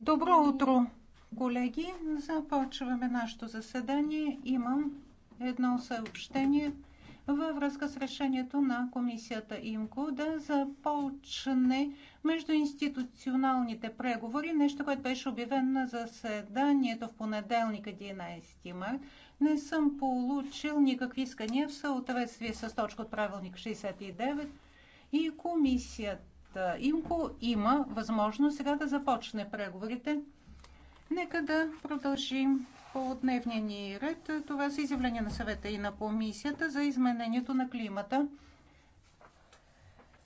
Добро утро, колеги. Започваме нашето заседание. Имам едно съобщение във връзка с решението на комисията ИМКО да започне междуинституционалните преговори, нещо, което беше обявено на заседанието в понеделник 11 март. Не съм получил никакви искания в съответствие с точка от правилник 69 и комисията е, ИМКО има възможност сега да започне преговорите. Нека да продължим по дневния ни ред. Това са изявления на съвета и на комисията за изменението на климата.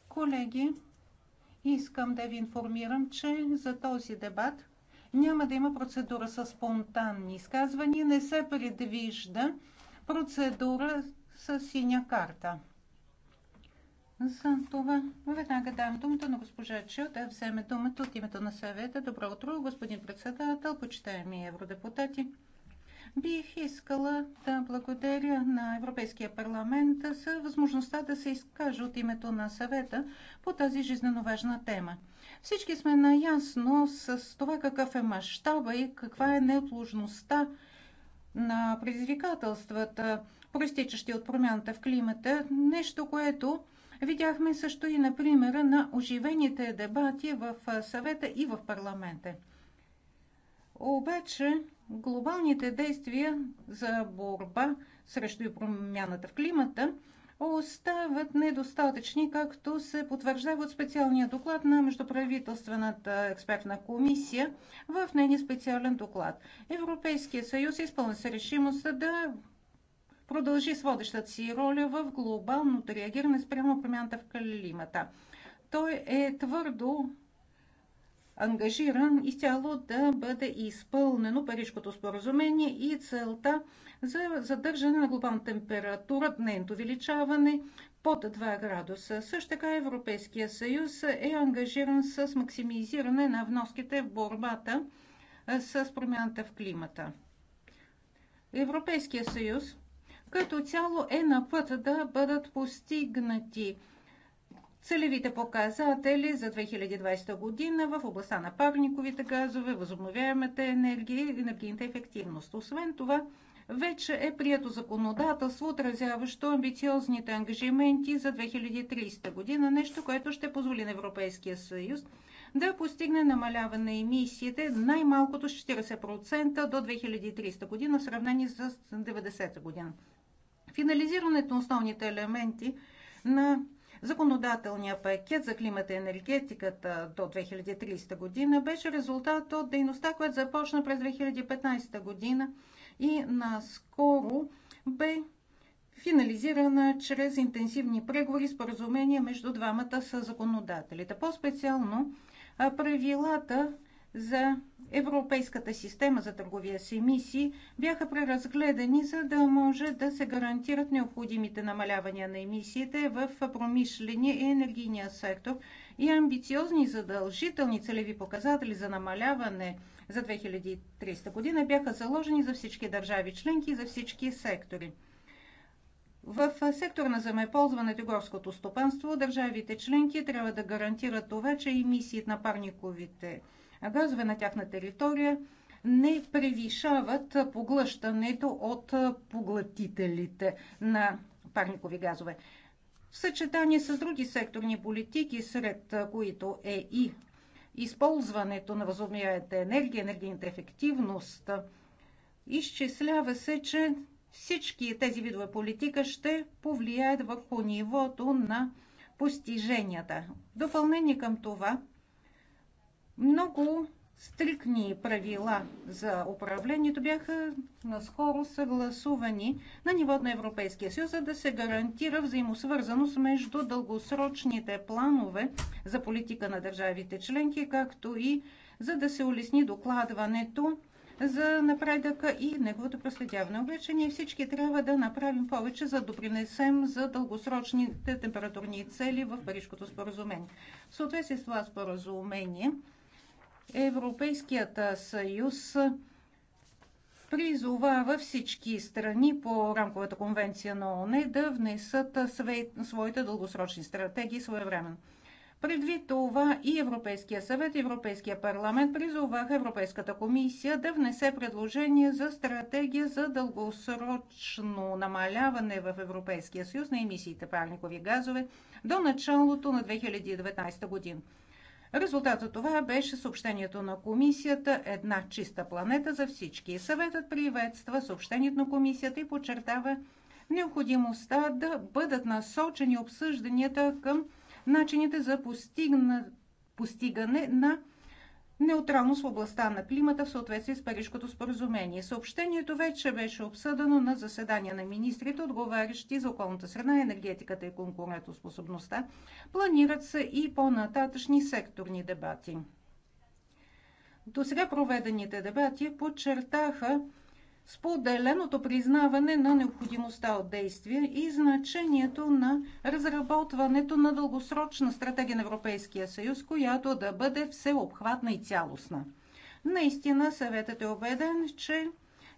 Колеги, искам да ви информирам, че за този дебат няма да има процедура с спонтанни изказвания. Не се предвижда процедура с синя карта. За това веднага давам думата на госпожа Чил да вземе думата от името на съвета. Добро утро, господин председател, почитаеми евродепутати. Бих искала да благодаря на Европейския парламент за възможността да се изкажа от името на съвета по тази жизненно важна тема. Всички сме наясно с това какъв е мащаба и каква е неотложността на предизвикателствата, проистичащи от промяната в климата, нещо, което Видяхме също и на примера на оживените дебати в съвета и в парламента. Обаче глобалните действия за борба срещу промяната в климата остават недостатъчни, както се потвърждава от специалния доклад на Междуправителствената експертна комисия в нейния специален доклад. Европейския съюз е изпълни с решимостта да продължи с водещата си роля в глобалното реагиране спрямо промяната в климата. Той е твърдо ангажиран изцяло да бъде изпълнено Парижкото споразумение и целта за задържане на глобална температура, нейното увеличаване под 2 градуса. Също така Европейския съюз е ангажиран с максимизиране на вноските в борбата с промяната в климата. Европейския съюз като цяло е на път да бъдат постигнати целевите показатели за 2020 година в областта на парниковите газове, възобновяемата енергия и енергийната ефективност. Освен това, вече е прието законодателство, отразяващо амбициозните ангажименти за 2030 година, нещо, което ще позволи на Европейския съюз да постигне намаляване на емисиите най-малкото 40% до 2300 година в сравнение с 90 година. Финализирането на основните елементи на законодателния пакет за климата и енергетиката до 2030 година беше резултат от дейността, която започна през 2015 година и наскоро бе финализирана чрез интенсивни преговори с поразумения между двамата с законодателите. По-специално правилата за Европейската система за търговия с емисии бяха преразгледани, за да може да се гарантират необходимите намалявания на емисиите в промишления и енергийния сектор и амбициозни задължителни целеви показатели за намаляване за 2300 година бяха заложени за всички държави членки и за всички сектори. В сектор на земеползването и горското стопанство държавите членки трябва да гарантират това, че емисиите на парниковите газове на тяхна територия не превишават поглъщането от поглътителите на парникови газове. В съчетание с други секторни политики, сред които е и използването на възобновяемата енергия, енергийната ефективност, изчислява се, че всички тези видове политика ще повлияят върху нивото на постиженията. В допълнение към това, много стрикни правила за управлението бяха наскоро съгласувани на нивото на Европейския съюз, за да се гарантира взаимосвързаност между дългосрочните планове за политика на държавите членки, както и за да се улесни докладването за напредъка и неговото проследяване. Обаче ние всички трябва да направим повече, за да допринесем за дългосрочните температурни цели в Парижкото споразумение. В съответствие с това споразумение, Европейският съюз призовава всички страни по рамковата конвенция на ОНЕ да внесат своите дългосрочни стратегии своевременно. Предвид това и Европейския съвет, и Европейския парламент призоваха Европейската комисия да внесе предложение за стратегия за дългосрочно намаляване в Европейския съюз на емисиите парникови газове до началото на 2019 година. Резултат от това беше съобщението на комисията «Една чиста планета за всички». Съветът приветства съобщението на комисията и подчертава необходимостта да бъдат насочени обсъжданията към начините за постигна, постигане на неутралност в областта на климата в съответствие с Парижкото споразумение. Съобщението вече беше обсъдено на заседания на министрите, отговарящи за околната среда, енергетиката и конкурентоспособността. Планират се и по-нататъчни секторни дебати. До сега проведените дебати подчертаха споделеното признаване на необходимостта от действие и значението на разработването на дългосрочна стратегия на Европейския съюз, която да бъде всеобхватна и цялостна. Наистина съветът е убеден, че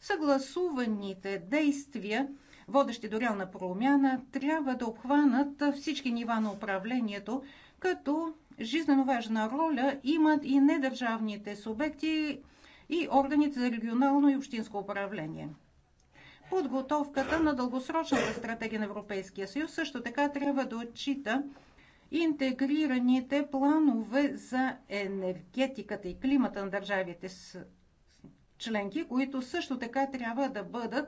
съгласуваните действия, водещи до реална промяна, трябва да обхванат всички нива на управлението, като жизненно важна роля имат и недържавните субекти, и органите за регионално и общинско управление. Подготовката на дългосрочната стратегия на Европейския съюз също така трябва да отчита интегрираните планове за енергетиката и климата на държавите с членки, които също така трябва да бъдат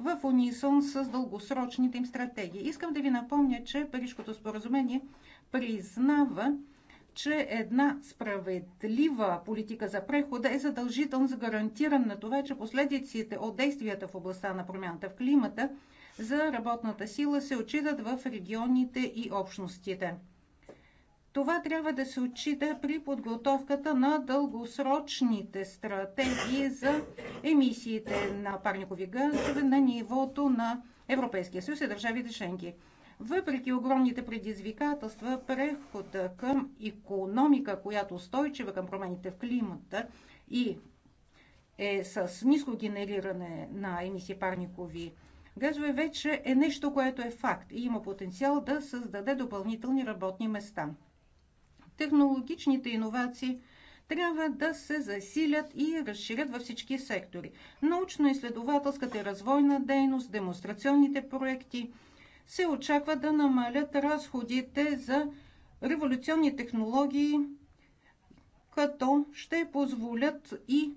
в унисон с дългосрочните им стратегии. Искам да ви напомня, че Парижкото споразумение признава че една справедлива политика за прехода е задължителна за гарантиране на това, че последиците от действията в областта на промяната в климата за работната сила се отчитат в регионите и общностите. Това трябва да се отчита при подготовката на дългосрочните стратегии за емисиите на парникови газове на нивото на Европейския съюз и държавите членки. Въпреки огромните предизвикателства, прехода към економика, която устойчива към промените в климата и е с ниско генериране на емисии парникови газове, вече е нещо, което е факт и има потенциал да създаде допълнителни работни места. Технологичните иновации – трябва да се засилят и разширят във всички сектори. Научно-изследователската и развойна дейност, демонстрационните проекти – се очаква да намалят разходите за революционни технологии, като ще позволят и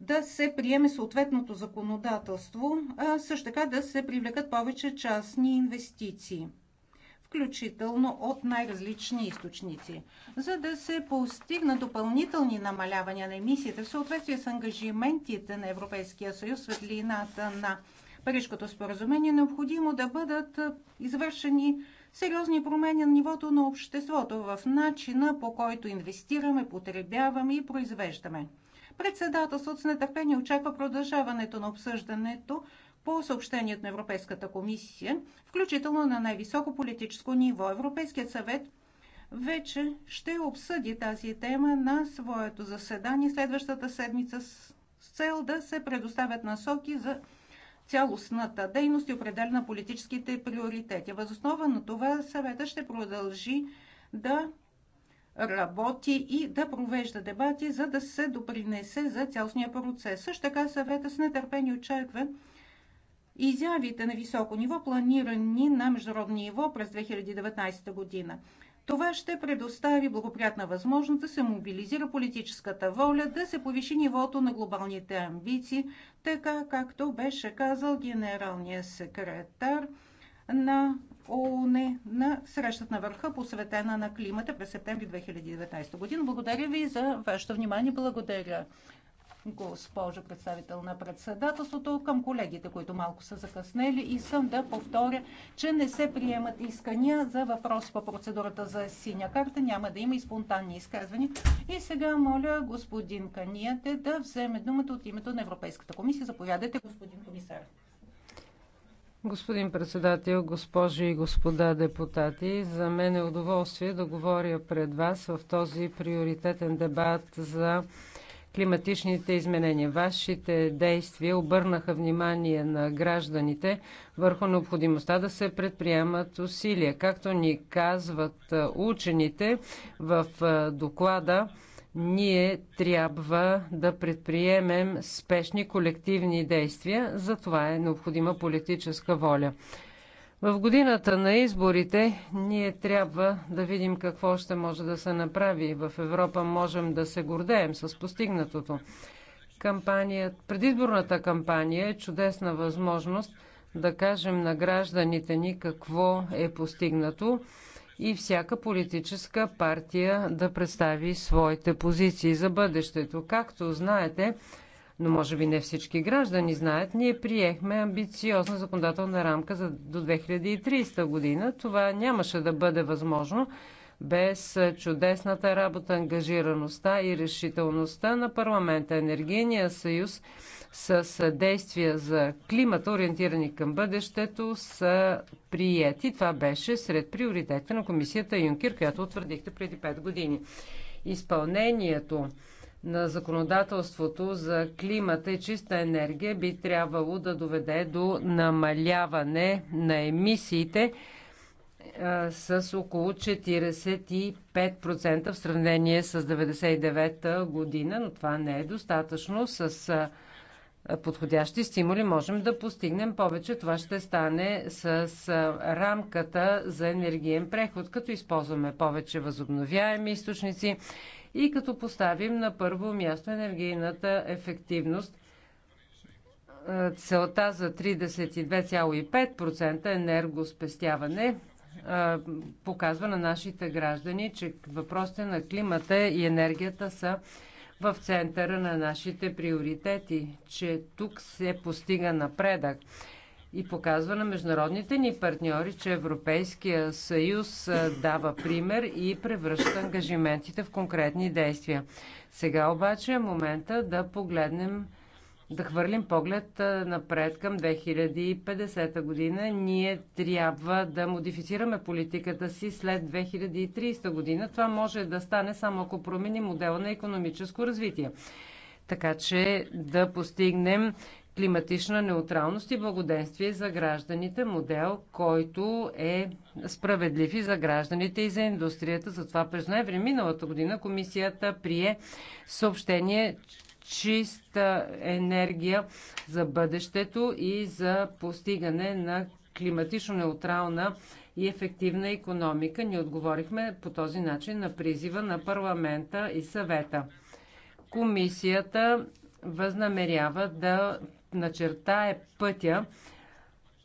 да се приеме съответното законодателство, а също така да се привлекат повече частни инвестиции, включително от най-различни източници. За да се постигнат допълнителни намалявания на емисиите в съответствие с ангажиментите на Европейския съюз, светлината на Парижкото споразумение, е необходимо да бъдат извършени сериозни промени на нивото на обществото в начина по който инвестираме, потребяваме и произвеждаме. Председателството с нетърпение очаква продължаването на обсъждането по съобщението на Европейската комисия, включително на най-високо политическо ниво. Европейският съвет вече ще обсъди тази тема на своето заседание следващата седмица с цел да се предоставят насоки за цялостната дейност и определя на политическите приоритети. Възоснова на това съвета ще продължи да работи и да провежда дебати, за да се допринесе за цялостния процес. Също така съвета с нетърпение очаква изявите на високо ниво, планирани на международно ниво през 2019 година. Това ще предостави благоприятна възможност да се мобилизира политическата воля, да се повиши нивото на глобалните амбиции, така както беше казал генералният секретар на ООН на срещата на върха, посветена на климата през септември 2019 година. Благодаря ви за вашето внимание. Благодаря госпожо представител на председателството, към колегите, които малко са закъснели. Искам да повторя, че не се приемат искания за въпрос по процедурата за синя карта. Няма да има и спонтанни изказвания. И сега моля господин Каниете да вземе думата от името на Европейската комисия. Заповядайте, господин комисар. Господин председател, госпожи и господа депутати, за мен е удоволствие да говоря пред вас в този приоритетен дебат за климатичните изменения. Вашите действия обърнаха внимание на гражданите върху необходимостта да се предприемат усилия. Както ни казват учените в доклада, ние трябва да предприемем спешни колективни действия. За това е необходима политическа воля. В годината на изборите ние трябва да видим какво ще може да се направи. В Европа можем да се гордеем с постигнатото. Кампания, предизборната кампания е чудесна възможност да кажем на гражданите ни какво е постигнато и всяка политическа партия да представи своите позиции за бъдещето. Както знаете, но може би не всички граждани знаят, ние приехме амбициозна законодателна рамка за до 2030 година. Това нямаше да бъде възможно без чудесната работа, ангажираността и решителността на парламента. Енергийния съюз с действия за климата, ориентирани към бъдещето, са приети. Това беше сред приоритетите на комисията Юнкер, която утвърдихте преди 5 години. Изпълнението на законодателството за климата и чиста енергия би трябвало да доведе до намаляване на емисиите с около 45% в сравнение с 99-та година, но това не е достатъчно. С подходящи стимули можем да постигнем повече. Това ще стане с рамката за енергиен преход, като използваме повече възобновяеми източници и като поставим на първо място енергийната ефективност. Е, целта за 32,5% енергоспестяване е, показва на нашите граждани, че въпросите на климата и енергията са в центъра на нашите приоритети, че тук се постига напредък и показва на международните ни партньори, че Европейския съюз дава пример и превръща ангажиментите в конкретни действия. Сега обаче е момента да погледнем да хвърлим поглед напред към 2050 година. Ние трябва да модифицираме политиката си след 2030 година. Това може да стане само ако променим модела на економическо развитие. Така че да постигнем климатична неутралност и благоденствие за гражданите, модел, който е справедлив и за гражданите и за индустрията. Затова през ноември миналата година комисията прие съобщение чиста енергия за бъдещето и за постигане на климатично неутрална и ефективна економика. Ние отговорихме по този начин на призива на парламента и съвета. Комисията възнамерява да начертае пътя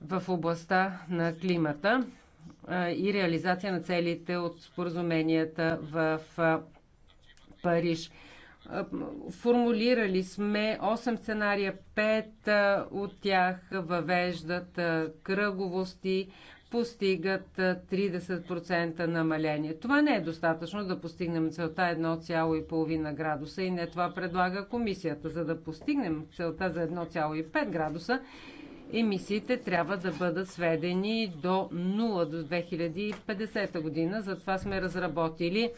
в областта на климата и реализация на целите от споразуменията в Париж. Формулирали сме 8 сценария, 5 от тях въвеждат кръговости, постигат 30% намаление. Това не е достатъчно да постигнем целта 1,5 градуса и не това предлага комисията. За да постигнем целта за 1,5 градуса, емисиите трябва да бъдат сведени до 0 до 2050 година. Затова сме разработили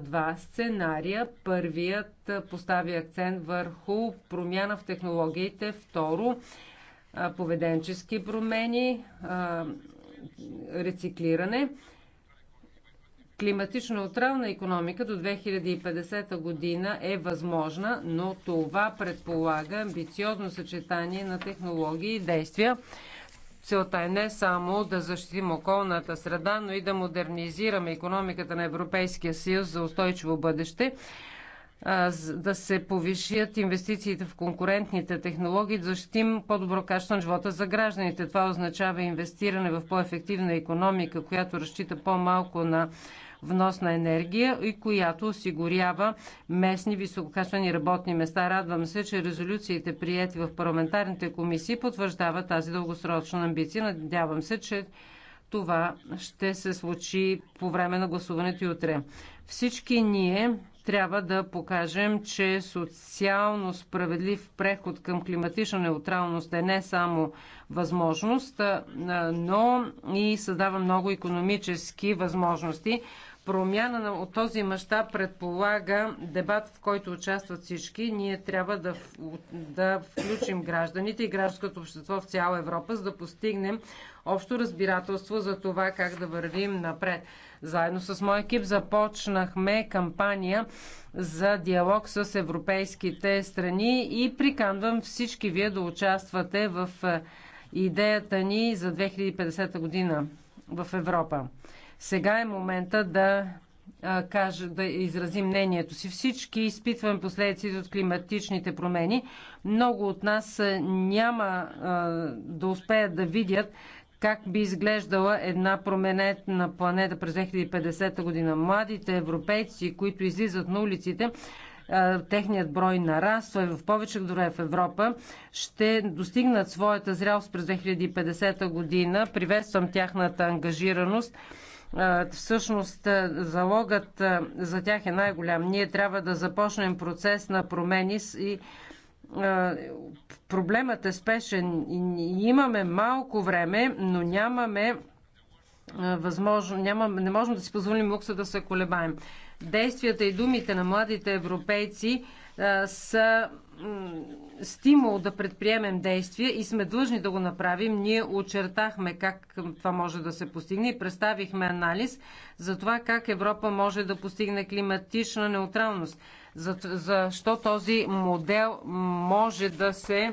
два сценария. Първият постави акцент върху промяна в технологиите. Второ, поведенчески промени, рециклиране климатично отравна економика до 2050 година е възможна, но това предполага амбициозно съчетание на технологии и действия. Целта е не само да защитим околната среда, но и да модернизираме економиката на Европейския съюз за устойчиво бъдеще да се повишат инвестициите в конкурентните технологии, да защитим по-добро качество на живота за гражданите. Това означава инвестиране в по-ефективна економика, която разчита по-малко на внос на енергия и която осигурява местни висококачествени работни места. Радвам се, че резолюциите прияти в парламентарните комисии потвърждават тази дългосрочна амбиция. Надявам се, че това ще се случи по време на гласуването и утре. Всички ние трябва да покажем, че социално справедлив преход към климатична неутралност е не само възможност, но и създава много економически възможности. Промяна от този мащаб предполага дебат, в който участват всички. Ние трябва да, да включим гражданите и гражданското общество в цяла Европа, за да постигнем общо разбирателство за това как да вървим напред. Заедно с моя екип започнахме кампания за диалог с европейските страни и приканвам всички вие да участвате в е, идеята ни за 2050 година в Европа. Сега е момента да кажа, да изразим мнението си. Всички изпитваме последиците от климатичните промени. Много от нас няма да успеят да видят как би изглеждала една на планета през 2050 година. Младите европейци, които излизат на улиците, техният брой нараства и в повече градове в Европа, ще достигнат своята зрялост през 2050 година. Приветствам тяхната ангажираност всъщност залогът за тях е най-голям. Ние трябва да започнем процес на промени и проблемът е спешен. Имаме малко време, но нямаме възможно, няма, не можем да си позволим лукса да се колебаем. Действията и думите на младите европейци а, са стимул да предприемем действия и сме длъжни да го направим. Ние очертахме как това може да се постигне и представихме анализ за това как Европа може да постигне климатична неутралност. Защо този модел може да се е,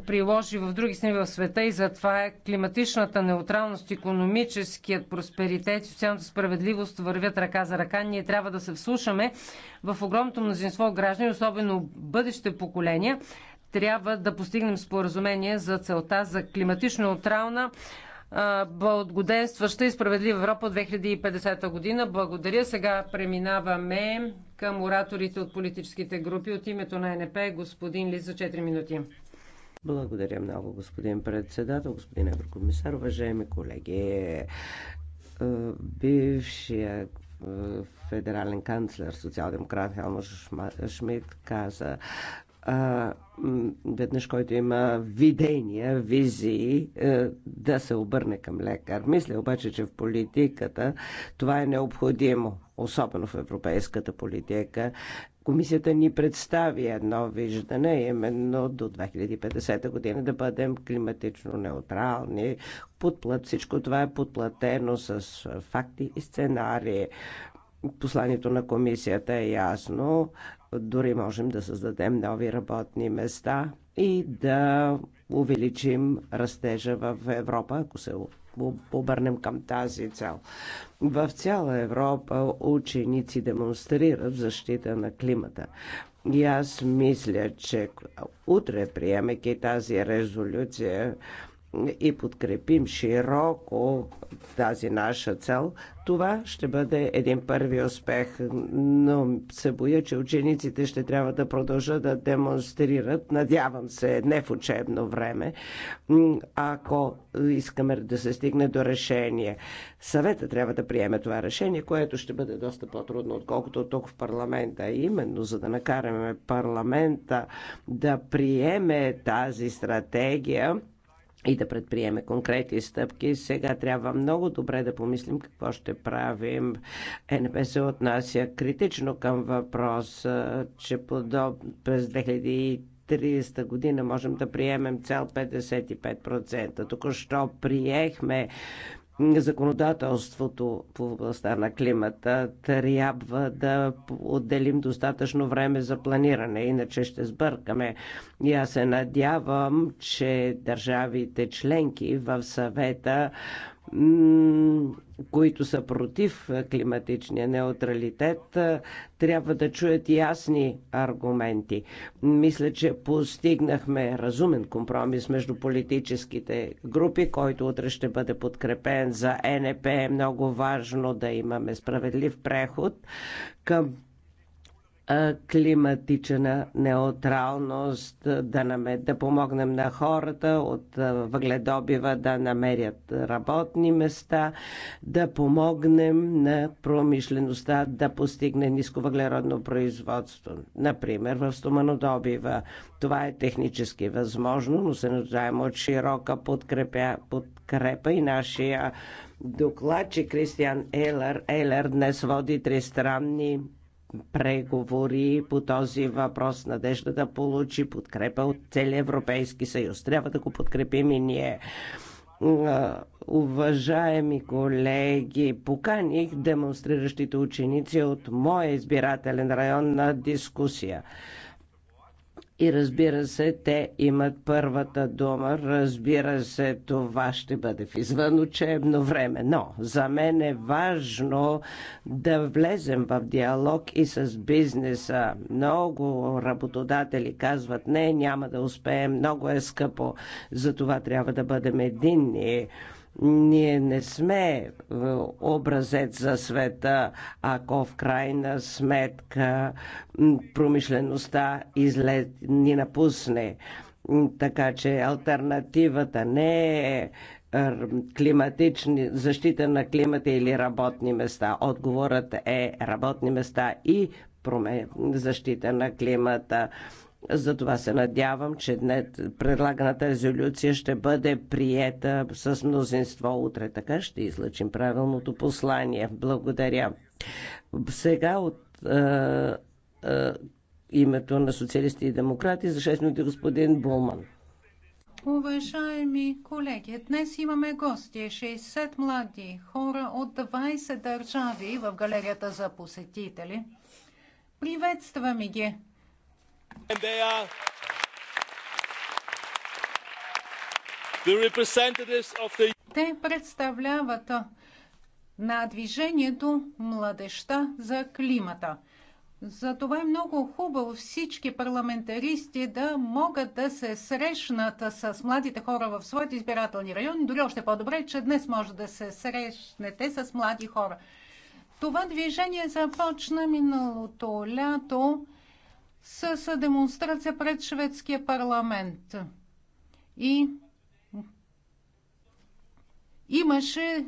приложи в други страни в света и затова е климатичната неутралност, економическият просперитет социалната справедливост вървят ръка за ръка. Ние трябва да се вслушаме в огромното мнозинство граждани, особено бъдещите поколения. Трябва да постигнем споразумение за целта за климатично неутрална благоденстваща и справедлива Европа от 2050 година. Благодаря. Сега преминаваме към ораторите от политическите групи. От името на НП господин Лиза, 4 минути. Благодаря много, господин председател, господин еврокомисар, уважаеми колеги. Е, Бившия е, федерален канцлер, социал-демократ Хелмут Шмидт каза, веднъж който има видения, визии, е, да се обърне към лекар. Мисля обаче, че в политиката това е необходимо особено в европейската политика, Комисията ни представи едно виждане, именно до 2050 година да бъдем климатично неутрални. Подплат, всичко това е подплатено с факти и сценарии. Посланието на комисията е ясно. Дори можем да създадем нови работни места и да увеличим растежа в Европа, ако се обърнем към тази цел. В цяла Европа ученици демонстрират в защита на климата. И аз мисля, че утре, приемайки тази резолюция, и подкрепим широко тази наша цел, това ще бъде един първи успех, но се боя, че учениците ще трябва да продължат да демонстрират, надявам се, не в учебно време, ако искаме да се стигне до решение. Съвета трябва да приеме това решение, което ще бъде доста по-трудно, отколкото тук в парламента. Именно за да накараме парламента да приеме тази стратегия, и да предприеме конкретни стъпки. Сега трябва много добре да помислим какво ще правим. НП се отнася критично към въпрос, че подоб... през 2000 2030 година можем да приемем цел 55%. Току-що приехме законодателството по областта на климата трябва да отделим достатъчно време за планиране, иначе ще сбъркаме. И аз се надявам, че държавите членки в съвета които са против климатичния неутралитет, трябва да чуят ясни аргументи. Мисля, че постигнахме разумен компромис между политическите групи, който утре ще бъде подкрепен за НП. Е много важно да имаме справедлив преход към климатична неутралност, да, намет, да помогнем на хората от въгледобива да намерят работни места, да помогнем на промишлеността да постигне нисковъглеродно производство. Например, в стоманодобива. Това е технически възможно, но се нуждаем от широка подкрепя, подкрепа и нашия доклад, че Кристиан Елер, Елер днес води тристранни преговори по този въпрос надежда да получи подкрепа от целия Европейски съюз. Трябва да го подкрепим и ние уважаеми колеги, поканих демонстриращите ученици от моя избирателен район на дискусия. И разбира се, те имат първата дума. Разбира се, това ще бъде в извън учебно време. Но за мен е важно да влезем в диалог и с бизнеса. Много работодатели казват, не, няма да успеем, много е скъпо. Затова трябва да бъдем единни. Ние не сме е, образец за света, ако в крайна сметка промишлеността излез, ни напусне. Така че альтернативата не е, е климатични, защита на климата или работни места. Отговорът е работни места и промен, защита на климата. Затова се надявам, че днес предлаганата резолюция ще бъде приета с мнозинство утре. Така ще излъчим правилното послание. Благодаря. Сега от е, е, името на социалисти и демократи за 6 минути господин Булман. Уважаеми колеги, днес имаме гости, 60 млади хора от 20 държави в галерията за посетители. Приветстваме ги! Те представляват на движението Младеща за климата. Затова е много хубаво всички парламентаристи да могат да се срещнат с младите хора в своите избирателни райони. Дори още по-добре, че днес може да се срещнете с млади хора. Това движение започна миналото лято с демонстрация пред шведския парламент. И имаше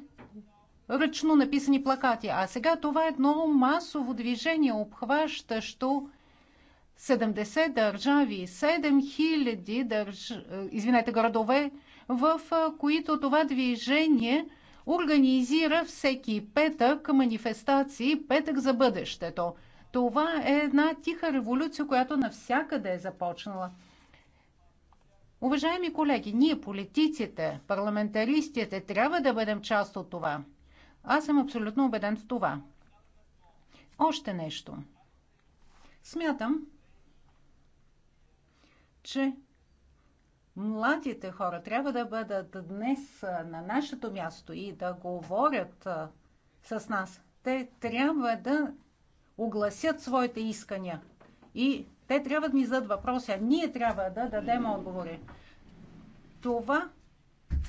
ръчно написани плакати. А сега това е едно масово движение, обхващащо 70 държави, 7000 държ... извинете, градове, в които това движение организира всеки петък манифестации, петък за бъдещето. Това е една тиха революция, която навсякъде е започнала. Уважаеми колеги, ние политиците, парламентаристите трябва да бъдем част от това. Аз съм абсолютно убеден в това. Още нещо. Смятам, че младите хора трябва да бъдат днес на нашето място и да говорят с нас. Те трябва да огласят своите искания. И те трябва да ни зададат въпроси, а ние трябва да дадем отговори. Това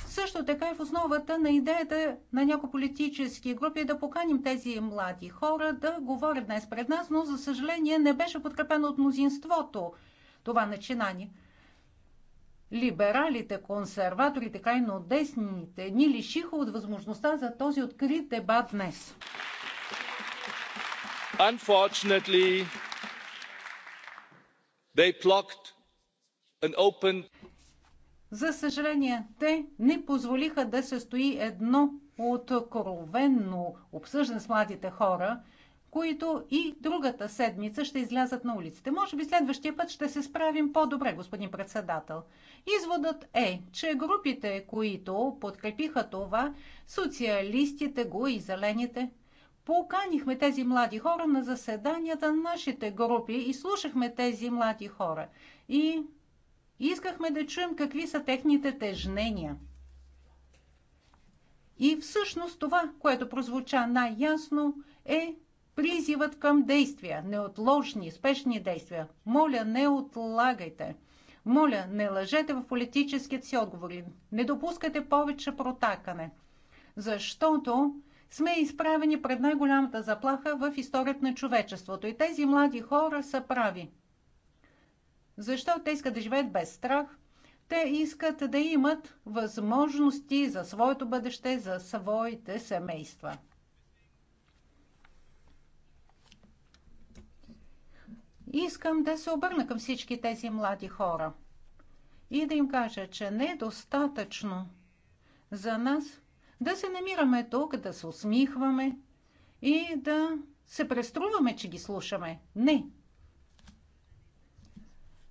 също така е в основата на идеята на някои политически групи да поканим тези млади хора да говорят днес пред нас, но за съжаление не беше подкрепено от мнозинството това начинание. Либералите, консерваторите, крайно десните ни лишиха от възможността за този открит дебат днес unfortunately they blocked an open за съжаление, те не позволиха да се стои едно откровенно обсъждане с младите хора, които и другата седмица ще излязат на улиците. Може би следващия път ще се справим по-добре, господин председател. Изводът е, че групите, които подкрепиха това, социалистите го и зелените, поканихме тези млади хора на заседанията на нашите групи и слушахме тези млади хора. И искахме да чуем какви са техните тежнения. И всъщност това, което прозвуча най-ясно, е призивът към действия, неотложни, спешни действия. Моля, не отлагайте. Моля, не лъжете в политическите си отговори. Не допускайте повече протакане. Защото сме изправени пред най-голямата заплаха в историята на човечеството. И тези млади хора са прави. Защо те искат да живеят без страх? Те искат да имат възможности за своето бъдеще, за своите семейства. Искам да се обърна към всички тези млади хора и да им кажа, че не е достатъчно за нас да се намираме тук, да се усмихваме и да се преструваме, че ги слушаме. Не.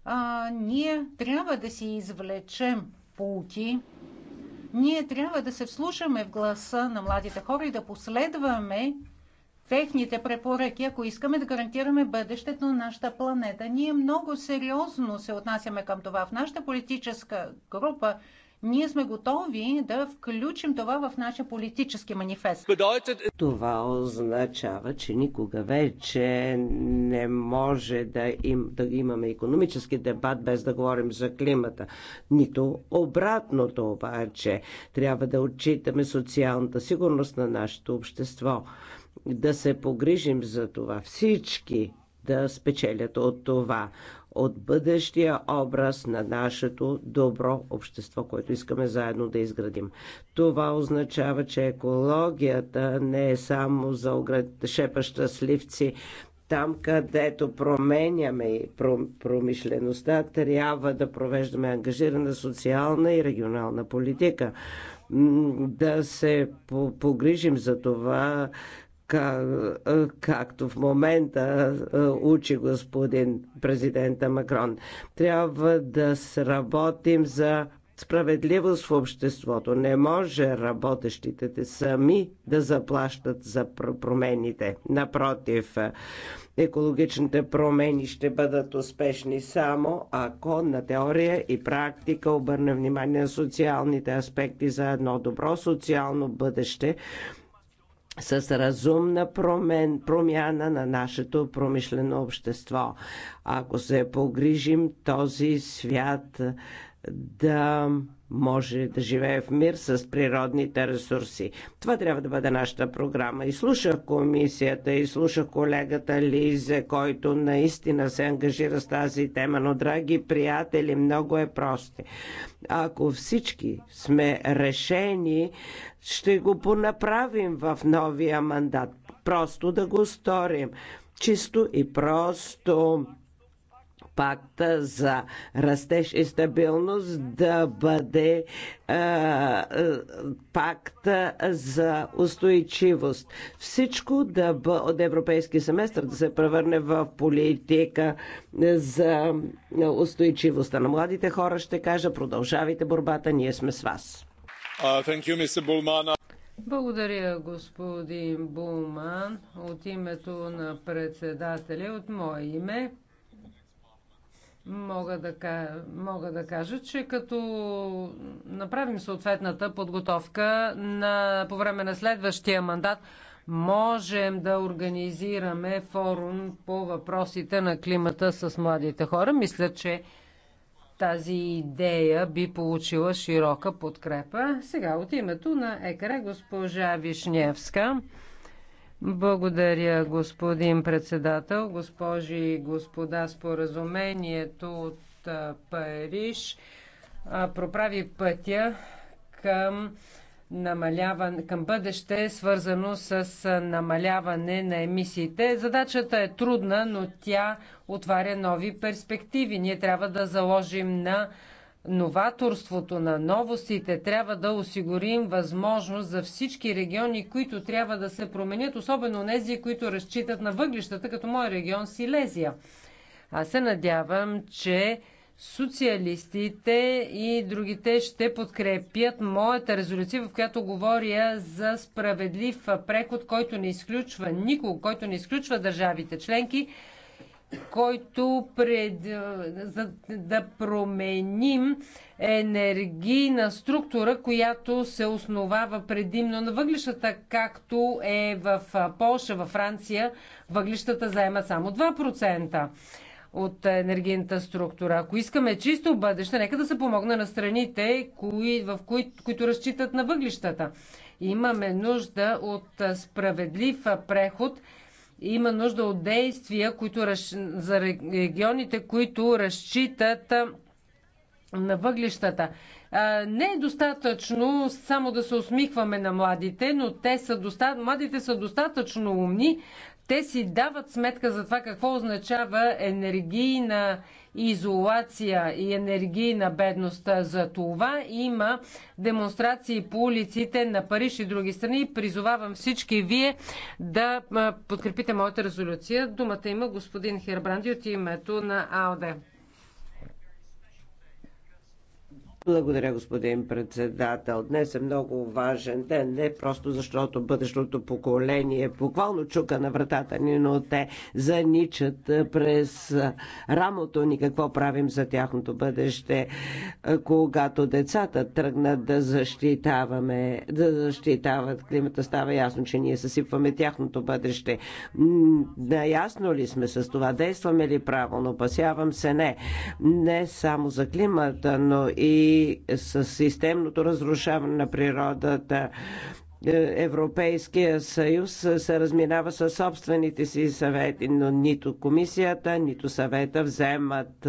А, ние трябва да си извлечем пути. Ние трябва да се вслушаме в гласа на младите хора и да последваме техните препоръки, ако искаме да гарантираме бъдещето на нашата планета. Ние много сериозно се отнасяме към това. В нашата политическа група ние сме готови да включим това в нашия политически манифест. Äh, това означава, че никога вече не може да, им, да имаме економически дебат без да говорим за климата. Нито обратното обаче. Трябва да отчитаме социалната сигурност на нашето общество. Да се погрижим за това всички да спечелят от това от бъдещия образ на нашето добро общество, което искаме заедно да изградим. Това означава, че екологията не е само за оград... шепаща сливци, там, където променяме промишлеността, трябва да провеждаме ангажирана социална и регионална политика. Да се погрижим за това е, както в момента е, учи господин президента Макрон. Трябва да сработим за справедливост в обществото. Не може работещите сами да заплащат за промените. Напротив, екологичните промени ще бъдат успешни само ако на теория и практика обърне внимание на социалните аспекти за едно добро социално бъдеще с разумна промен, промяна на нашето промишлено общество. Ако се погрижим този свят да може да живее в мир с природните ресурси. Това трябва да бъде нашата програма. И слушах комисията, и слушах колегата Лизе, който наистина се ангажира с тази тема, но, драги приятели, много е прости. Ако всички сме решени, ще го понаправим в новия мандат. Просто да го сторим. Чисто и просто пакта за растеж и стабилност да бъде е, е, пакта за устойчивост. Всичко да бъ, от европейски семестър да се превърне в политика за устойчивостта на младите хора. Ще кажа, продължавайте борбата, ние сме с вас. благодаря, господин Булман. От името на председателя, от мое име, Мога да, мога да кажа, че като направим съответната подготовка на, по време на следващия мандат, можем да организираме форум по въпросите на климата с младите хора. Мисля, че тази идея би получила широка подкрепа. Сега от името на ЕКР госпожа Вишневска. Благодаря, господин председател. Госпожи и господа, споразумението от Париж проправи пътя към намаляване, към бъдеще, свързано с намаляване на емисиите. Задачата е трудна, но тя отваря нови перспективи. Ние трябва да заложим на новаторството, на новостите, трябва да осигурим възможност за всички региони, които трябва да се променят, особено тези, които разчитат на въглищата, като мой регион Силезия. Аз се надявам, че социалистите и другите ще подкрепят моята резолюция, в която говоря за справедлив преход, който не изключва никого, който не изключва държавите членки, който пред, за да променим енергийна структура, която се основава предимно на въглищата, както е в Польша, във Франция, въглищата заема само 2% от енергийната структура. Ако искаме чисто бъдеще, нека да се помогне на страните, кои, в кои, които разчитат на въглищата. Имаме нужда от справедлив преход – има нужда от действия които, за регионите, които разчитат на въглищата. Не е достатъчно само да се усмихваме на младите, но те са доста... младите са достатъчно умни. Те си дават сметка за това какво означава енергийна изолация и енергийна бедност. За това има демонстрации по улиците на Париж и други страни. Призовавам всички вие да подкрепите моята резолюция. Думата има господин Хербранди от името на АОД. Благодаря, господин председател. Днес е много важен ден, не просто защото бъдещото поколение буквално чука на вратата ни, но те заничат през рамото ни какво правим за тяхното бъдеще. Когато децата тръгнат да защитаваме, да защитават климата, става ясно, че ние съсипваме тяхното бъдеще. Наясно ли сме с това? Действаме ли правилно? Опасявам се не. Не само за климата, но и с системното разрушаване на природата. Европейския съюз се разминава със собствените си съвети, но нито комисията, нито съвета вземат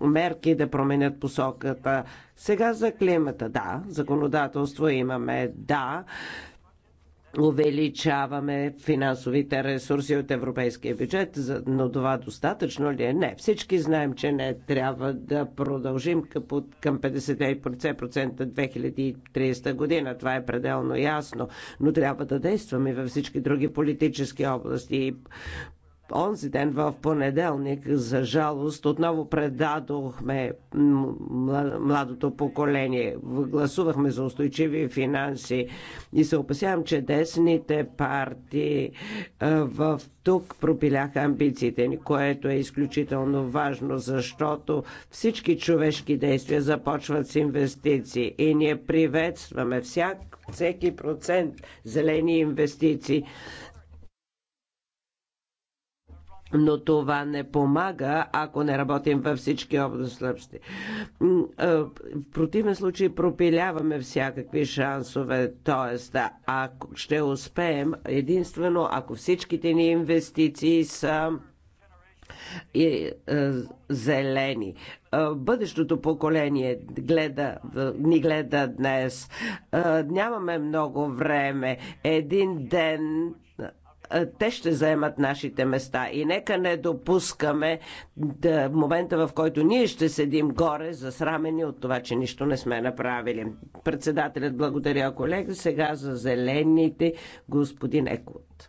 мерки да променят посоката. Сега за климата, да, законодателство имаме, да, увеличаваме финансовите ресурси от европейския бюджет, но това достатъчно ли е? Не. Всички знаем, че не трябва да продължим към 50% 2030 година. Това е пределно ясно, но трябва да действаме във всички други политически области. и онзи ден в понеделник, за жалост, отново предадохме младото поколение. Гласувахме за устойчиви финанси и се опасявам, че десните партии в тук пропиляха амбициите ни, което е изключително важно, защото всички човешки действия започват с инвестиции и ние приветстваме всяк, всеки процент зелени инвестиции но това не помага, ако не работим във всички области. В противен случай пропиляваме всякакви шансове, т.е. ако ще успеем, единствено ако всичките ни инвестиции са и е, зелени. Е, бъдещото поколение гледа, ни гледа днес. Е, нямаме много време. Един ден те ще заемат нашите места. И нека не допускаме да, момента, в който ние ще седим горе, засрамени от това, че нищо не сме направили. Председателят благодаря колега. Сега за зелените господин Екот.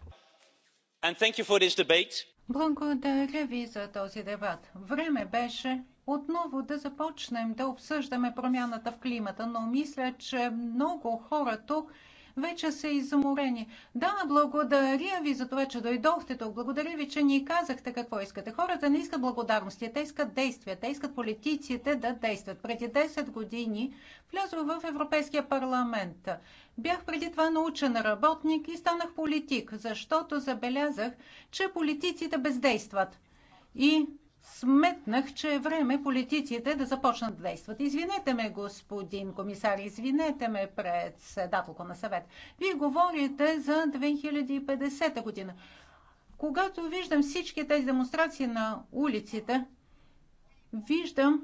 Благодаря ви за този дебат. Време беше отново да започнем да обсъждаме промяната в климата, но мисля, че много хора тук вече са изморени. Да, благодаря ви за това, че дойдохте тук. Благодаря ви, че ни казахте какво искате. Хората не искат благодарности, те искат действия, те искат политиците да действат. Преди 10 години влязох в Европейския парламент. Бях преди това научен работник и станах политик, защото забелязах, че политиците бездействат. И сметнах, че е време политиците да започнат да действат. Извинете ме, господин комисар, извинете ме, пред седателко на съвет. Вие говорите за 2050 година. Когато виждам всички тези демонстрации на улиците, виждам,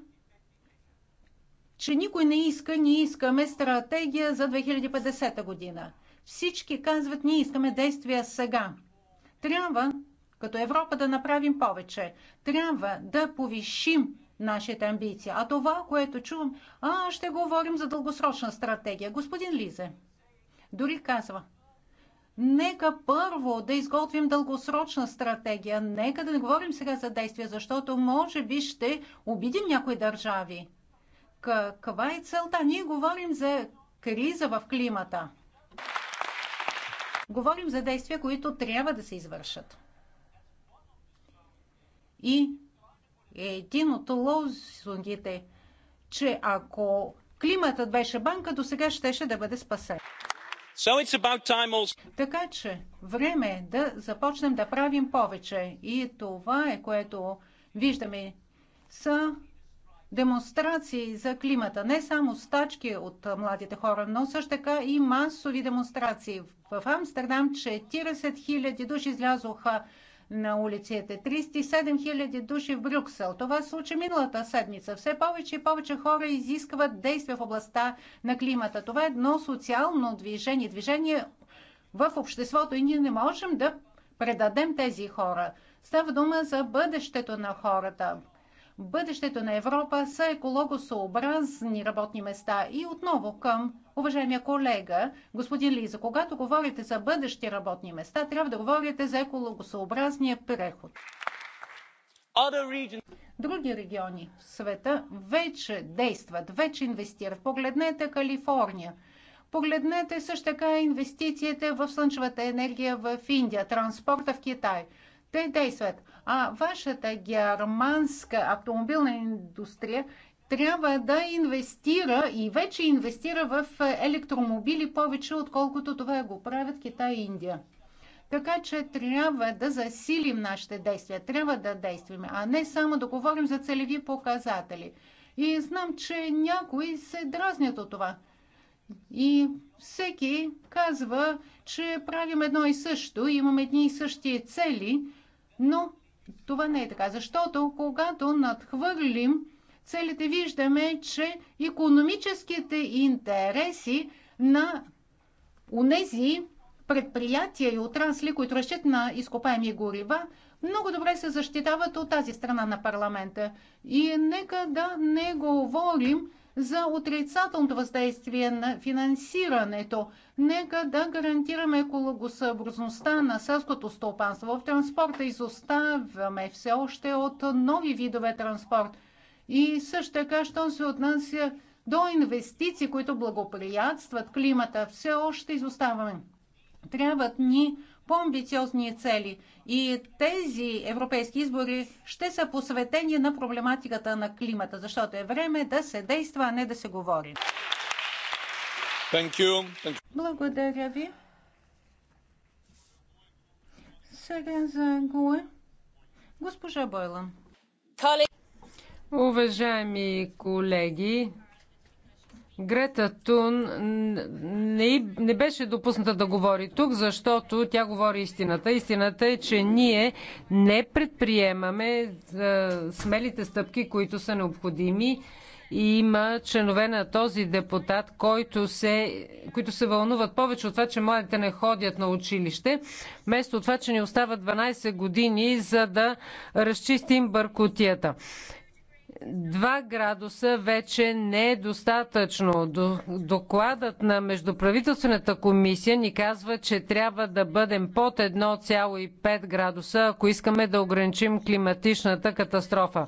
че никой не иска, ние искаме стратегия за 2050 година. Всички казват, ние искаме действия сега. Трябва като Европа да направим повече. Трябва да повишим нашите амбиции. А това, което чувам, а ще говорим за дългосрочна стратегия. Господин Лизе, дори казва, Нека първо да изготвим дългосрочна стратегия. Нека да не говорим сега за действия, защото може би ще обидим някои държави. Каква е целта? Ние говорим за криза в климата. Говорим за действия, които трябва да се извършат. И е един от лозунгите, че ако климатът беше банка, до сега щеше да бъде спасен. So it's about time also. Така че време е да започнем да правим повече. И това е което виждаме са демонстрации за климата. Не само стачки от младите хора, но също така и масови демонстрации. В Амстердам 40 000 души излязоха на улиците. 37 000 души в Брюксел. Това се случи миналата седмица. Все повече и повече хора изискват действия в областта на климата. Това е едно социално движение, движение в обществото и ние не можем да предадем тези хора. Става дума за бъдещето на хората бъдещето на Европа са екологосообразни работни места. И отново към уважаемия колега, господин Лиза, когато говорите за бъдещи работни места, трябва да говорите за екологосообразния преход. Други региони в света вече действат, вече инвестират. Погледнете Калифорния. Погледнете също така инвестициите в слънчевата енергия в Индия, транспорта в Китай. Те действат а вашата германска автомобилна индустрия трябва да инвестира и вече инвестира в електромобили повече, отколкото това го правят Китай и Индия. Така че трябва да засилим нашите действия, трябва да действаме, а не само да говорим за целеви показатели. И знам, че някои се дразнят от това. И всеки казва, че правим едно и също, имаме едни и същи цели, но това не е така, защото когато надхвърлим целите, виждаме, че економическите интереси на унези предприятия и отрасли, които разчитат на изкопаеми горива, много добре се защитават от тази страна на парламента. И нека да не говорим за отрицателното въздействие на финансирането. Нека да гарантираме екологосъобразността на селското стопанство. В транспорта изоставяме все още от нови видове транспорт. И също така, що се отнася до инвестиции, които благоприятстват климата, все още изоставаме. Трябват ни по-амбициозни цели. И тези европейски избори ще са посветени на проблематиката на климата, защото е време да се действа, а не да се говори. Thank you. Thank you. Благодаря ви. Сега за ГУЕ. Госпожа Бойлан. Уважаеми колеги, Грета Тун не, не беше допусната да говори тук, защото тя говори истината. Истината е, че ние не предприемаме смелите стъпки, които са необходими. И има членове на този депутат, който се, които се вълнуват повече от това, че младите не ходят на училище, вместо това, че ни остават 12 години, за да разчистим бъркотията. Два градуса вече не е достатъчно. Докладът на Междуправителствената комисия ни казва, че трябва да бъдем под 1,5 градуса, ако искаме да ограничим климатичната катастрофа.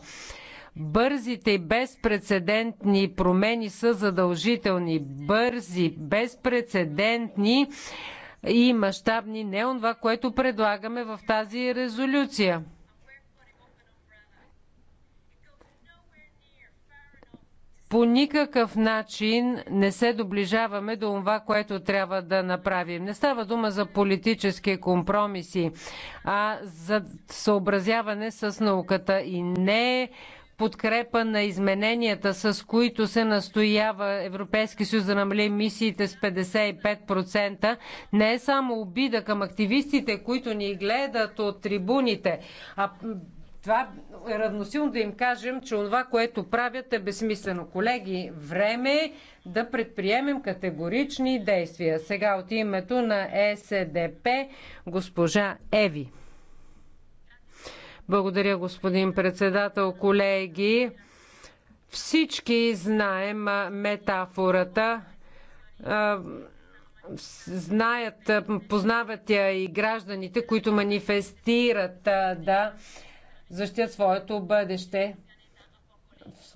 Бързите и безпредседентни промени са задължителни. Бързи, безпредседентни и мащабни не това, което предлагаме в тази резолюция. никакъв начин не се доближаваме до това, което трябва да направим. Не става дума за политически компромиси, а за съобразяване с науката и не подкрепа на измененията, с които се настоява Европейски съюз да намали мисиите с 55%, не е само обида към активистите, които ни гледат от трибуните, а това е равносилно да им кажем, че това, което правят е безсмислено. Колеги, време е да предприемем категорични действия. Сега от името на ЕСДП госпожа Еви. Благодаря, господин председател, колеги. Всички знаем метафората знаят, познават я и гражданите, които манифестират да защитят своето бъдеще.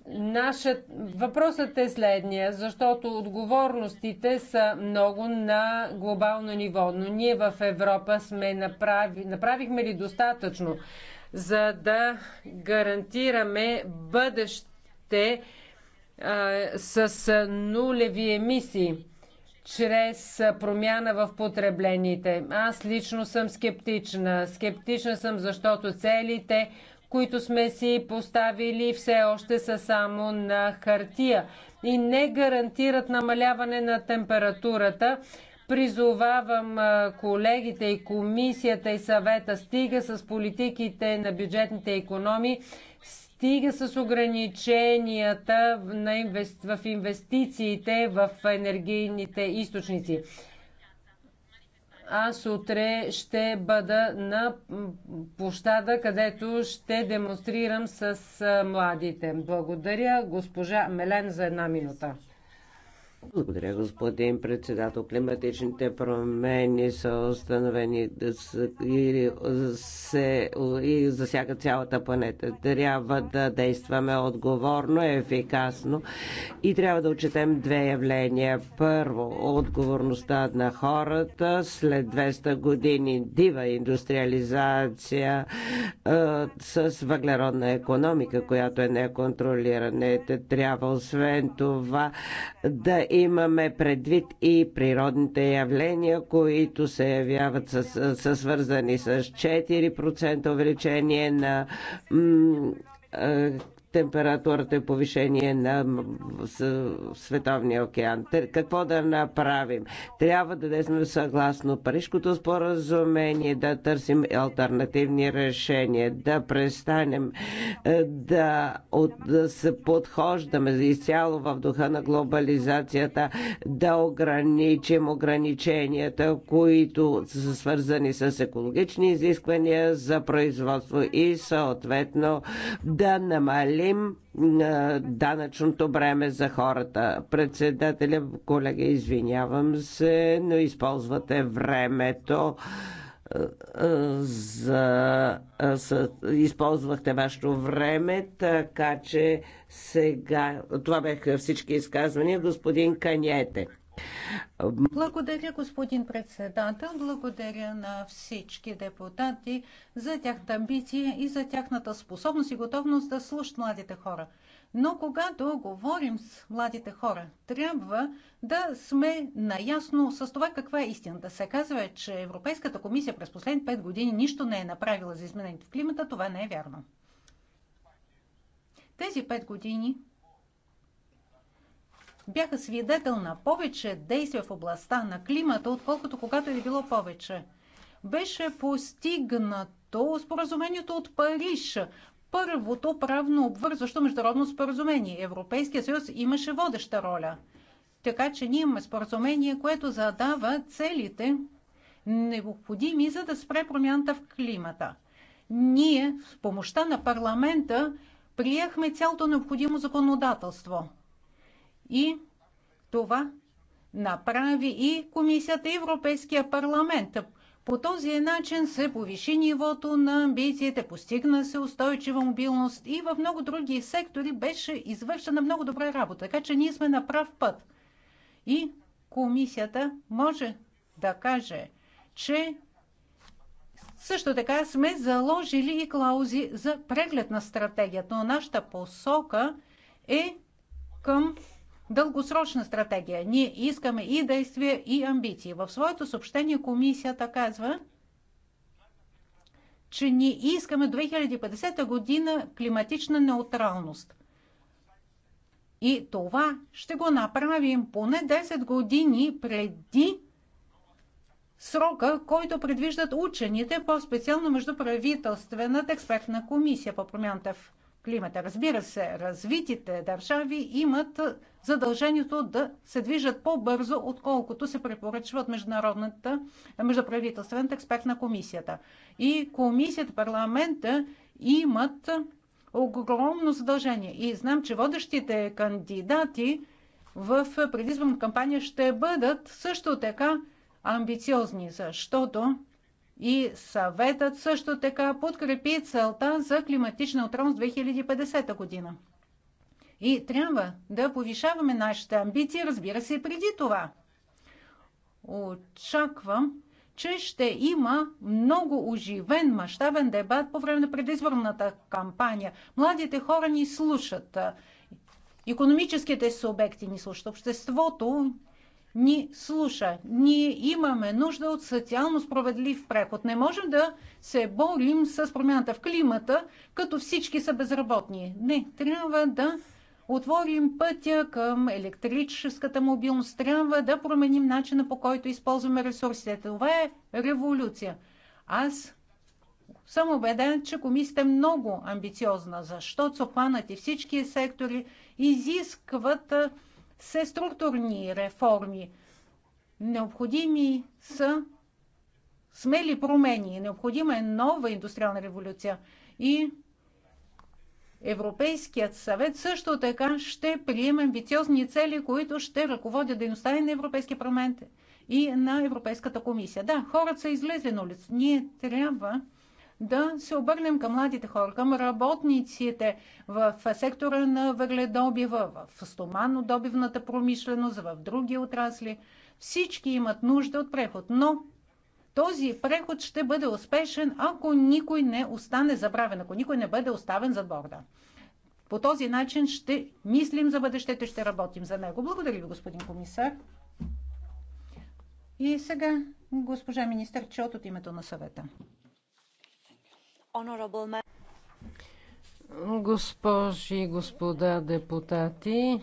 Нашът... Въпросът е следния, защото отговорностите са много на глобално ниво, но ние в Европа сме направи... направихме ли достатъчно, за да гарантираме бъдеще а, с нулеви емисии чрез промяна в потреблените. Аз лично съм скептична. Скептична съм, защото целите, които сме си поставили, все още са само на хартия и не гарантират намаляване на температурата. Призовавам колегите и комисията и съвета стига с политиките на бюджетните економии стига с ограниченията в инвестициите в енергийните източници. Аз утре ще бъда на площада, където ще демонстрирам с младите. Благодаря госпожа Мелен за една минута. Благодаря, господин председател. Климатичните промени са установени и, се, и засяга цялата планета. Трябва да действаме отговорно, ефикасно и трябва да отчетем две явления. Първо, отговорността на хората след 200 години дива индустриализация е, с въглеродна економика, която е неконтролирана. Трябва освен това да имаме предвид и природните явления, които се явяват са свързани с 4% увеличение на температурата и е повишение на Световния океан. Какво да направим? Трябва да не сме съгласно Парижкото споразумение, да търсим альтернативни решения, да престанем е, да, от, да се подхождаме изцяло в духа на глобализацията, да ограничим ограниченията, които са свързани с екологични изисквания за производство и съответно да намалим намалим данъчното бреме за хората. Председателя, колега, извинявам се, но използвате времето за, използвахте вашето време, така че сега това бяха всички изказвания. Господин Каняте. Благодаря, господин председател. Благодаря на всички депутати за тяхната амбиция и за тяхната способност и готовност да слушат младите хора. Но когато говорим с младите хора, трябва да сме наясно с това каква е истината. Се казва, че Европейската комисия през последните 5 години нищо не е направила за изменението в климата. Това не е вярно. Тези 5 години бяха свидетел на повече действия в областта на климата, отколкото когато е било повече. Беше постигнато споразумението от Париж, първото правно обвързващо международно споразумение. Европейския съюз имаше водеща роля. Така че ние имаме споразумение, което задава целите, необходими за да спре промяната в климата. Ние с помощта на парламента приехме цялото необходимо законодателство. И това направи и Комисията и Европейския парламент. По този начин се повиши нивото на амбициите, постигна се устойчива мобилност и в много други сектори беше извършена много добра работа. Така че ние сме на прав път. И комисията може да каже, че също така сме заложили и клаузи за преглед на стратегията, но нашата посока е към дългосрочна стратегия. Ние искаме и действия, и амбиции. В своето съобщение комисията казва, че ние искаме 2050 година климатична неутралност. И това ще го направим поне 10 години преди срока, който предвиждат учените, по-специално между правителствената експертна комисия по промяната в климата. Разбира се, развитите държави имат задължението да се движат по-бързо, отколкото се препоръчва от Международната междуправителствената експертна комисията. И комисията, парламента имат огромно задължение. И знам, че водещите кандидати в предизборна кампания ще бъдат също така амбициозни, защото и съветът също така подкрепи целта за климатична с 2050 година. И трябва да повишаваме нашите амбиции, разбира се, преди това. Очаквам, че ще има много оживен, мащабен дебат по време на предизборната кампания. Младите хора ни слушат, економическите субекти ни слушат, обществото ни слуша. Ние имаме нужда от социално справедлив преход. Не можем да се борим с промяната в климата, като всички са безработни. Не, трябва да отворим пътя към електрическата мобилност. Трябва да променим начина по който използваме ресурсите. Това е революция. Аз съм убеден, че комисията е много амбициозна, защото и всички сектори изискват се структурни реформи. Необходими са смели промени. Необходима е нова индустриална революция. И Европейският съвет също така ще приеме амбициозни цели, които ще ръководят дейността и на Европейския парламент и на Европейската комисия. Да, хората са излезли на улица. Ние трябва да се обърнем към младите хора, към работниците в сектора на въгледобива, в стоманодобивната промишленост, в други отрасли. Всички имат нужда от преход, но този преход ще бъде успешен, ако никой не остане забравен, ако никой не бъде оставен за борда. По този начин ще мислим за бъдещето, и ще работим за него. Благодаря ви, господин комисар. И сега госпожа министър че от името на съвета. Госпожи и господа депутати,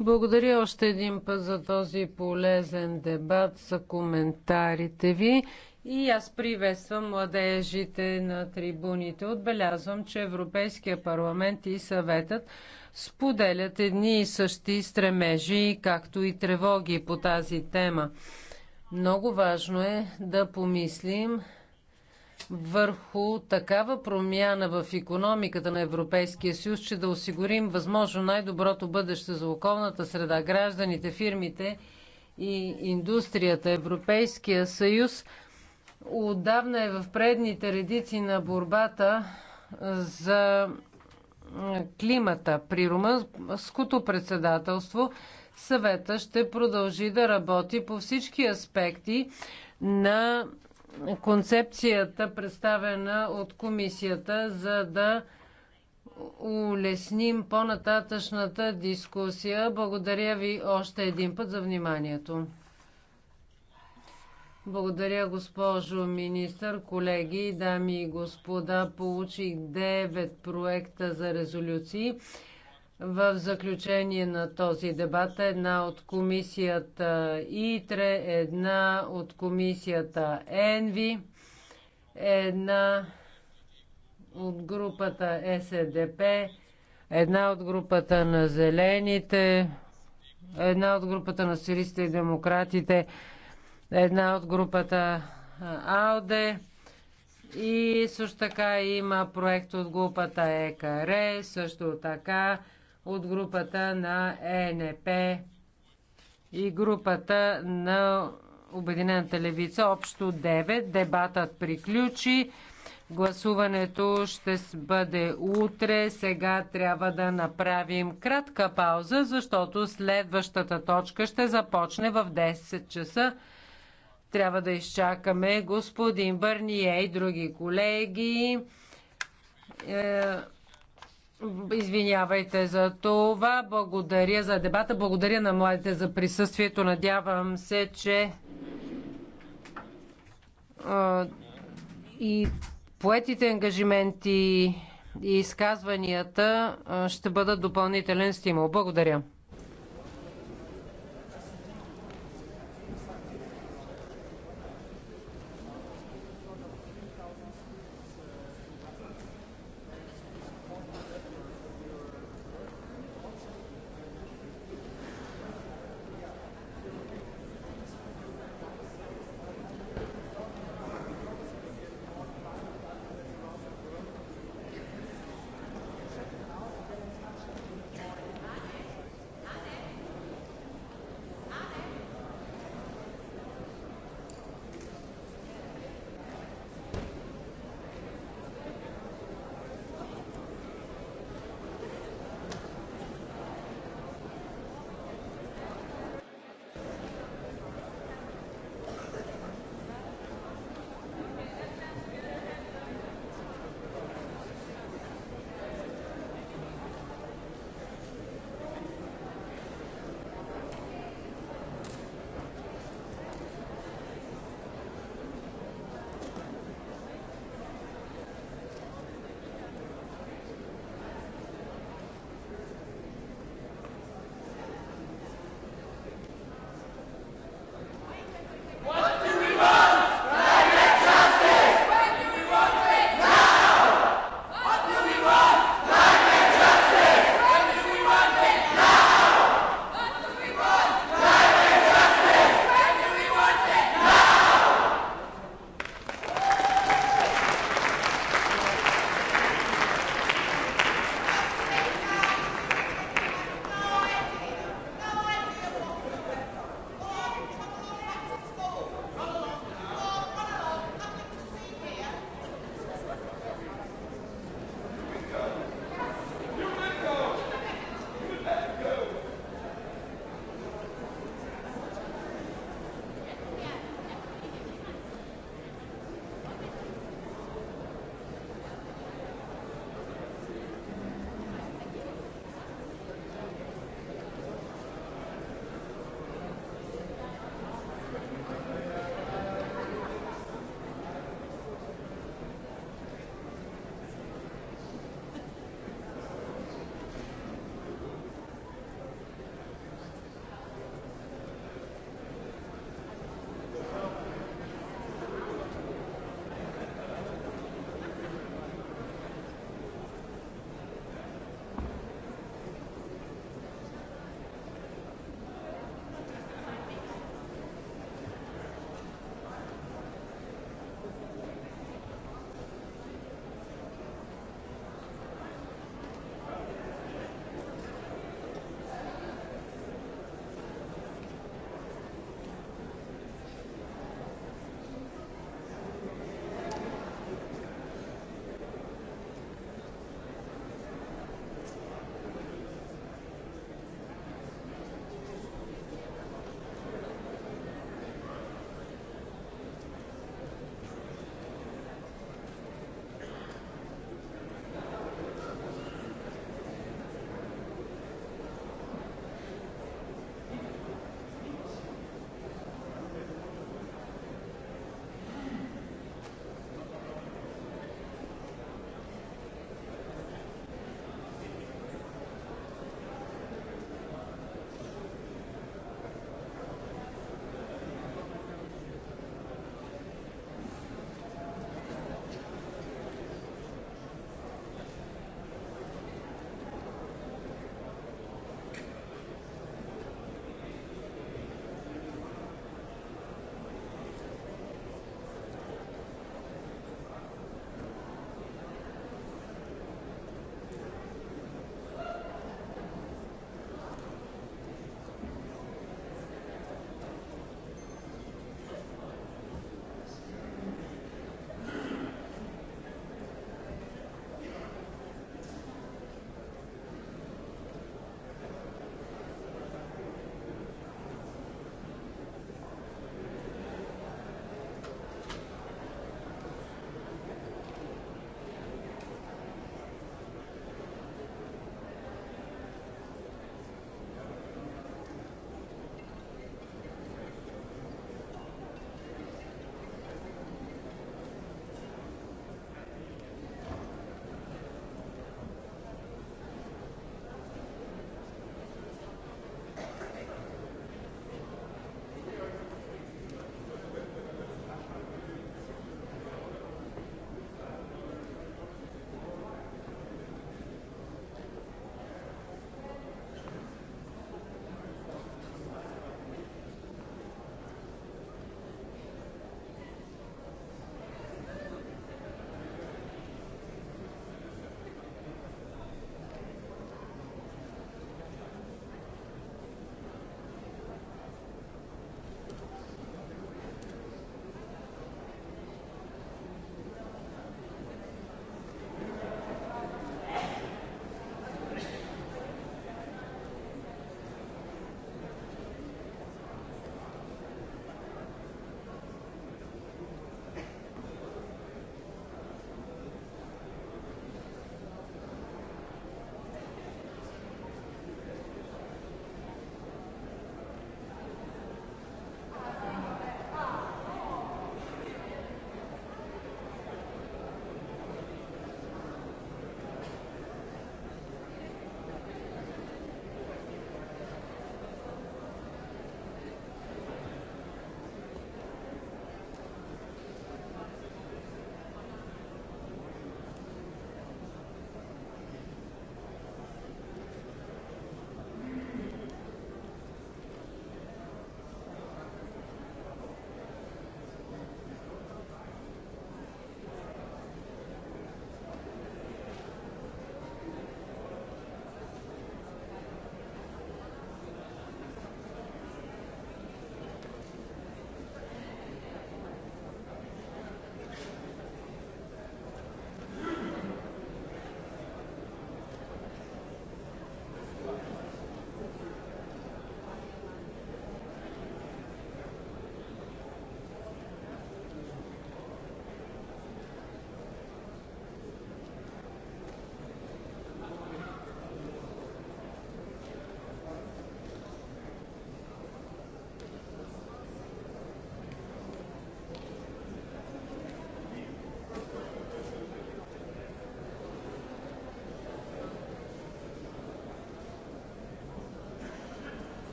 благодаря още един път за този полезен дебат, за коментарите ви. И аз приветствам младежите на трибуните. Отбелязвам, че Европейския парламент и съветът споделят едни и същи стремежи, както и тревоги по тази тема. Много важно е да помислим върху такава промяна в економиката на Европейския съюз, че да осигурим възможно най-доброто бъдеще за околната среда, гражданите, фирмите и индустрията. Европейския съюз отдавна е в предните редици на борбата за климата. При румънското председателство съвета ще продължи да работи по всички аспекти на концепцията, представена от комисията, за да улесним по-нататъчната дискусия. Благодаря ви още един път за вниманието. Благодаря, госпожо министър, колеги, дами и господа. Получих 9 проекта за резолюции. В заключение на този дебат една от комисията ИТРЕ, една от комисията ЕНВИ, една от групата СДП, една от групата на Зелените, една от групата на Сирийските и Демократите, една от групата АЛДЕ. И също така има проект от групата ЕКР, също така от групата на ЕНП и групата на Обединената левица. Общо 9. Дебатът приключи. Гласуването ще бъде утре. Сега трябва да направим кратка пауза, защото следващата точка ще започне в 10 часа. Трябва да изчакаме господин Бърние и други колеги. Е, Извинявайте за това. Благодаря за дебата. Благодаря на младите за присъствието. Надявам се, че и поетите ангажименти и изказванията ще бъдат допълнителен стимул. Благодаря.